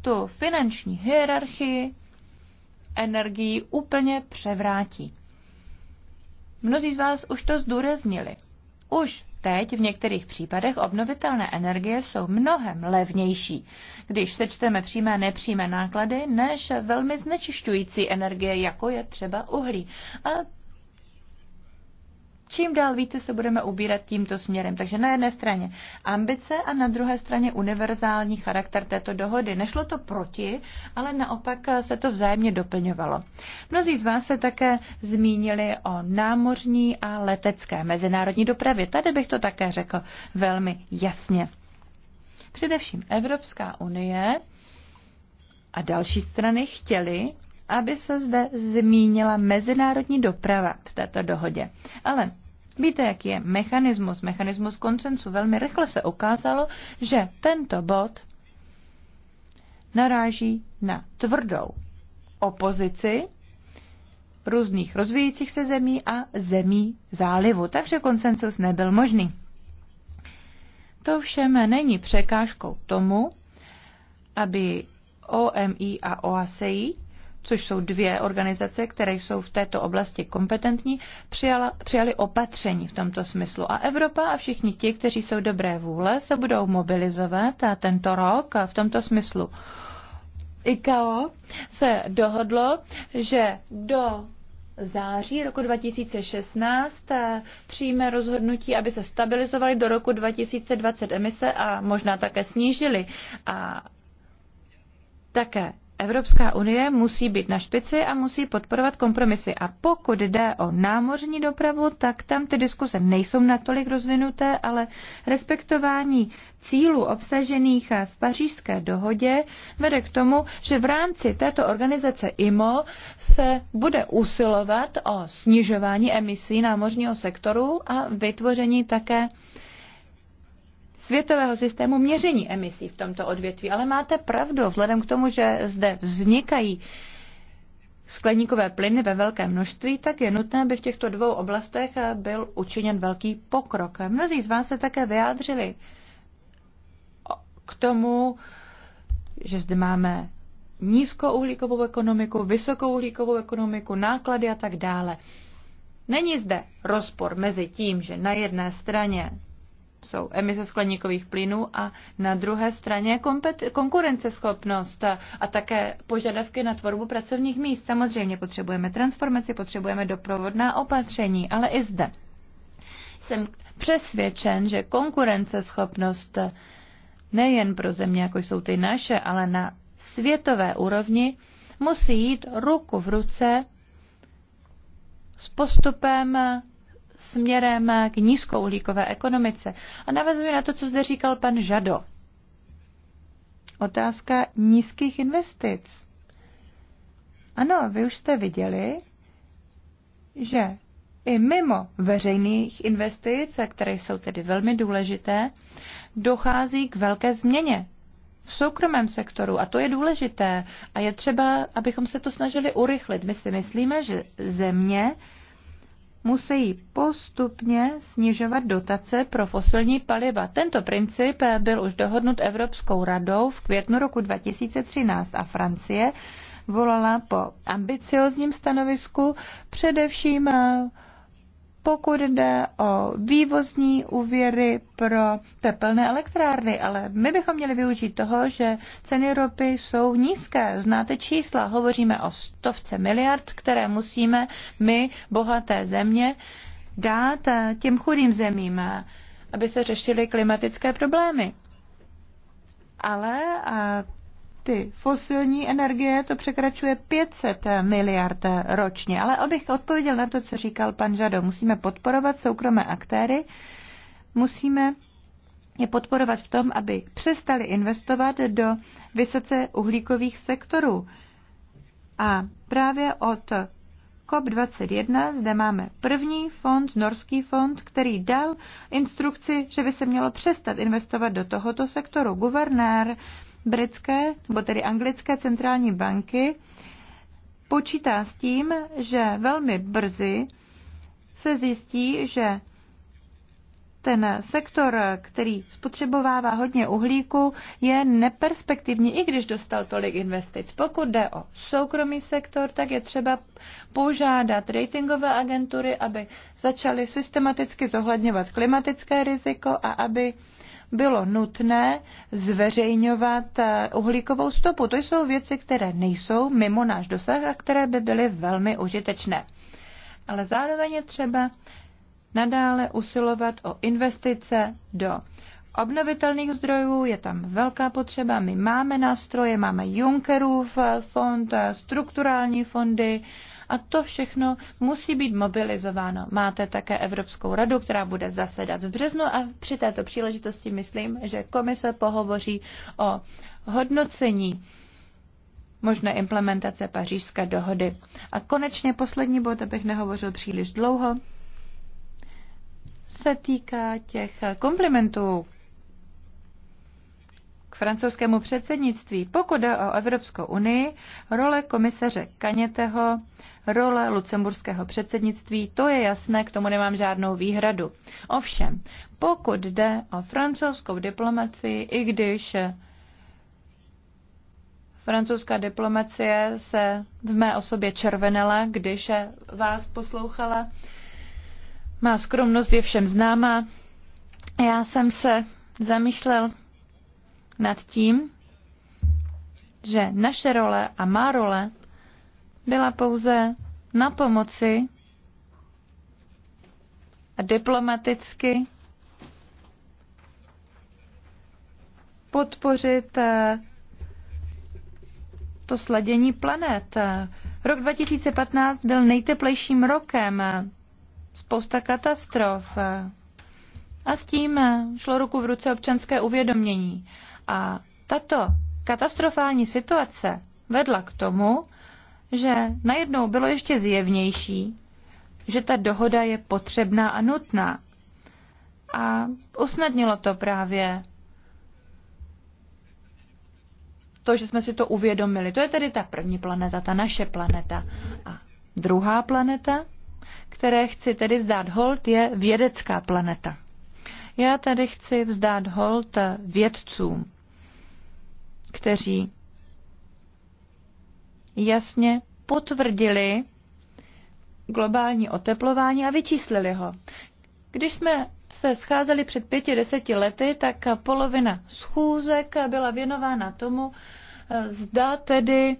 tu finanční hierarchii energií úplně převrátí. Mnozí z vás už to zdůraznili. Už teď v některých případech obnovitelné energie jsou mnohem levnější, když sečteme přímé a nepřímé náklady, než velmi znečišťující energie, jako je třeba uhlí. A čím dál více se budeme ubírat tímto směrem. Takže na jedné straně ambice a na druhé straně univerzální charakter této dohody. Nešlo to proti, ale naopak se to vzájemně doplňovalo. Mnozí z vás se také zmínili o námořní a letecké mezinárodní dopravě. Tady bych to také řekl velmi jasně. Především Evropská unie a další strany chtěly, aby se zde zmínila mezinárodní doprava v této dohodě. Ale Víte, jaký je mechanismus, mechanismus koncensu. Velmi rychle se ukázalo, že tento bod naráží na tvrdou opozici různých rozvíjících se zemí a zemí zálivu, takže koncensus nebyl možný. To všem není překážkou tomu, aby OMI a OASEI což jsou dvě organizace, které jsou v této oblasti kompetentní, přijala, přijali opatření v tomto smyslu. A Evropa a všichni ti, kteří jsou dobré vůle, se budou mobilizovat a tento rok v tomto smyslu. ICAO se dohodlo, že do září roku 2016 eh, přijme rozhodnutí, aby se stabilizovaly do roku 2020 emise a možná také snížily. A také Evropská unie musí být na špici a musí podporovat kompromisy. A pokud jde o námořní dopravu, tak tam ty diskuse nejsou natolik rozvinuté, ale respektování cílů obsažených v pařížské dohodě vede k tomu, že v rámci této organizace IMO se bude usilovat o snižování emisí námořního sektoru a vytvoření také světového systému měření emisí v tomto odvětví. Ale máte pravdu, vzhledem k tomu, že zde vznikají skleníkové plyny ve velkém množství, tak je nutné, aby v těchto dvou oblastech byl učiněn velký pokrok. Mnozí z vás se také vyjádřili k tomu, že zde máme nízkouhlíkovou ekonomiku, vysokouhlíkovou ekonomiku, náklady a tak dále. Není zde rozpor mezi tím, že na jedné straně jsou emise skleníkových plynů a na druhé straně konkurenceschopnost a také požadavky na tvorbu pracovních míst. Samozřejmě potřebujeme transformaci, potřebujeme doprovodná opatření, ale i zde. Jsem přesvědčen, že konkurenceschopnost nejen pro země, jako jsou ty naše, ale na světové úrovni musí jít ruku v ruce s postupem směrem k nízkouhlíkové ekonomice. A navazuje na to, co zde říkal pan Žado. Otázka nízkých investic. Ano, vy už jste viděli, že i mimo veřejných investic, které jsou tedy velmi důležité, dochází k velké změně v soukromém sektoru a to je důležité a je třeba, abychom se to snažili urychlit. My si myslíme, že země musí postupně snižovat dotace pro fosilní paliva. Tento princip byl už dohodnut Evropskou radou v květnu roku 2013 a Francie volala po ambiciozním stanovisku především pokud jde o vývozní úvěry pro tepelné elektrárny, ale my bychom měli využít toho, že ceny ropy jsou nízké. Znáte čísla, hovoříme o stovce miliard, které musíme my, bohaté země, dát eh, těm chudým zemím, eh, aby se řešily klimatické problémy. Ale a eh, ty fosilní energie, to překračuje 500 miliard ročně. Ale abych odpověděl na to, co říkal pan Žado, musíme podporovat soukromé aktéry, musíme je podporovat v tom, aby přestali investovat do vysoce uhlíkových sektorů. A právě od COP21 zde máme první fond, norský fond, který dal instrukci, že by se mělo přestat investovat do tohoto sektoru. Guvernér britské, nebo tedy anglické centrální banky počítá s tím, že velmi brzy se zjistí, že ten sektor, který spotřebovává hodně uhlíku, je neperspektivní, i když dostal tolik investic. Pokud jde o soukromý sektor, tak je třeba požádat ratingové agentury, aby začaly systematicky zohledňovat klimatické riziko a aby bylo nutné zveřejňovat eh, uhlíkovou stopu. To jsou věci, které nejsou mimo náš dosah a které by byly velmi užitečné. Ale zároveň je třeba nadále usilovat o investice do obnovitelných zdrojů, je tam velká potřeba, my máme nástroje, máme Junckerův fond, strukturální fondy, a to všechno musí být mobilizováno. Máte také Evropskou radu, která bude zasedat v březnu a při této příležitosti myslím, že komise pohovoří o hodnocení možné implementace pařížské dohody. A konečně poslední bod, abych nehovořil příliš dlouho, se týká těch komplimentů, francouzskému předsednictví, pokud jde o Evropskou unii, role komisaře Kaněteho, role lucemburského předsednictví, to je jasné, k tomu nemám žádnou výhradu. Ovšem, pokud jde o francouzskou diplomaci, i když francouzská diplomacie se v mé osobě červenela, když vás poslouchala, má skromnost je všem známá, já jsem se zamýšlel nad tím, že naše role a má role byla pouze na pomoci a diplomaticky podpořit eh, to sladění planet. Rok 2015 byl nejteplejším rokem, spousta katastrof a s tím šlo ruku v ruce občanské uvědomění. A tato katastrofální situace vedla k tomu, že najednou bylo ještě zjevnější, že ta dohoda je potřebná a nutná. A usnadnilo to právě to, že jsme si to uvědomili. To je tedy ta první planeta, ta naše planeta. A druhá planeta, které chci tedy vzdát hold, je vědecká planeta. Já tady chci vzdát hold vědcům, kteří jasně potvrdili globální oteplování a vyčíslili ho. Když jsme se scházeli před pěti, deseti lety, tak polovina schůzek byla věnována tomu, zda tedy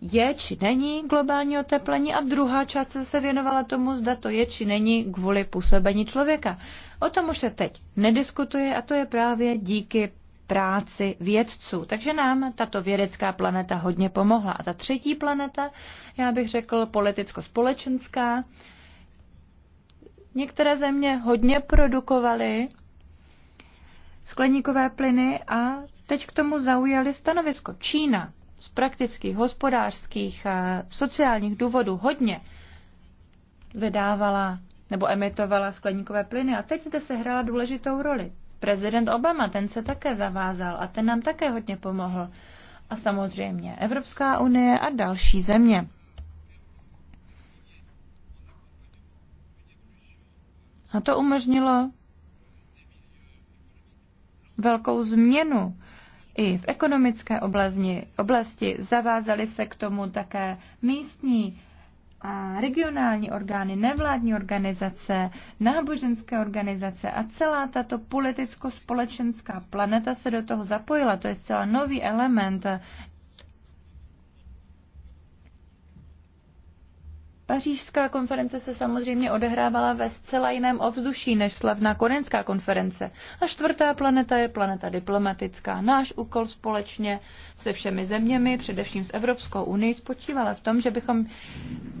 je či není globální oteplení a druhá část se věnovala tomu, zda to je či není kvůli působení člověka. O tom už se teď nediskutuje a to je právě díky práci vědců. Takže nám tato vědecká planeta hodně pomohla. A ta třetí planeta, já bych řekl politicko-společenská, některé země hodně produkovaly skleníkové plyny a teď k tomu zaujali stanovisko. Čína z praktických, hospodářských, a sociálních důvodů hodně vydávala nebo emitovala skleníkové plyny a teď zde se hrála důležitou roli prezident Obama, ten se také zavázal a ten nám také hodně pomohl. A samozřejmě Evropská unie a další země. A to umožnilo velkou změnu i v ekonomické oblasti. oblasti. Zavázali se k tomu také místní a regionální orgány, nevládní organizace, náboženské organizace a celá tato politicko-společenská planeta se do toho zapojila. To je zcela nový element Pařížská konference se samozřejmě odehrávala ve zcela jiném ovzduší než slavná korenská konference. A čtvrtá planeta je planeta diplomatická. Náš úkol společně se všemi zeměmi, především s Evropskou unii, spočívala v tom, že, bychom,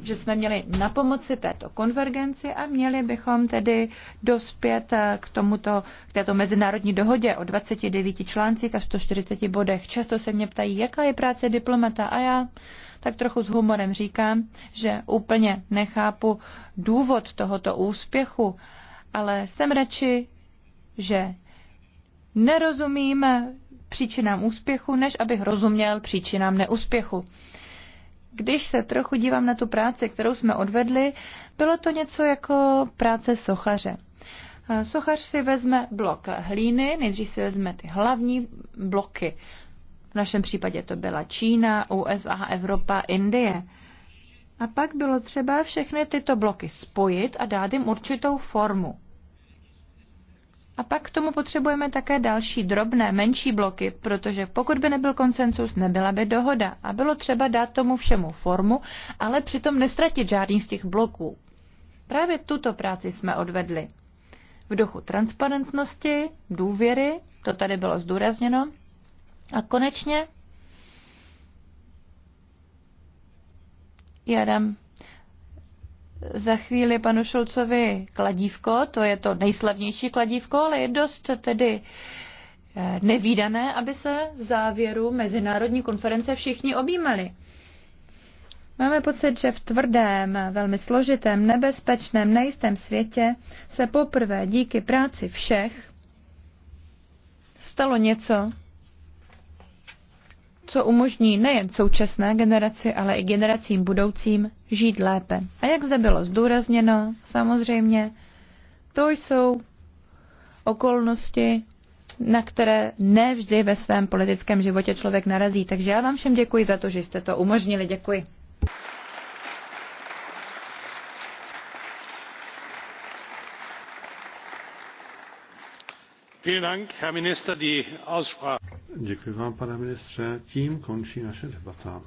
že jsme měli na pomoci této konvergenci a měli bychom tedy dospět eh, k, tomuto, k této mezinárodní dohodě o 29 článcích a 140 bodech. Často se mě ptají, jaká je práce diplomata a já tak trochu s humorem říkám, že úplně nechápu důvod tohoto úspěchu, ale jsem radši, že nerozumím příčinám úspěchu, než abych rozuměl příčinám neúspěchu. Když se trochu dívám na tu práci, kterou jsme odvedli, bylo to něco jako práce sochaře. Sochař si vezme blok hlíny, nejdřív si vezme ty hlavní bloky našem případě to byla Čína, USA, Evropa, Indie. A pak bylo třeba všechny tyto bloky spojit a dát jim určitou formu. A pak k tomu potřebujeme také další drobné, menší bloky, protože pokud by nebyl konsensus, nebyla by dohoda. A bylo třeba dát tomu všemu formu, ale přitom nestratit žádný z těch bloků. Právě tuto práci jsme odvedli. V duchu transparentnosti, důvěry, to tady bylo zdůrazněno, a konečně já dám za chvíli panu Šulcovi kladívko, to je to nejslavnější kladívko, ale je dost tedy eh, nevýdané, aby se v závěru mezinárodní konference všichni objímali. Máme pocit, že v tvrdém, velmi složitém, nebezpečném, nejistém světě se poprvé díky práci všech stalo něco, co umožní nejen současné generaci, ale i generacím budoucím žít lépe. A jak zde bylo zdůrazněno, samozřejmě, to jsou okolnosti, na které nevždy ve svém politickém životě člověk narazí. Takže já vám všem děkuji za to, že jste to umožnili. Děkuji. Vielen Dank, Herr Minister, die Aussprache. Děkuji vám, pane ministře. Tím končí naše debata.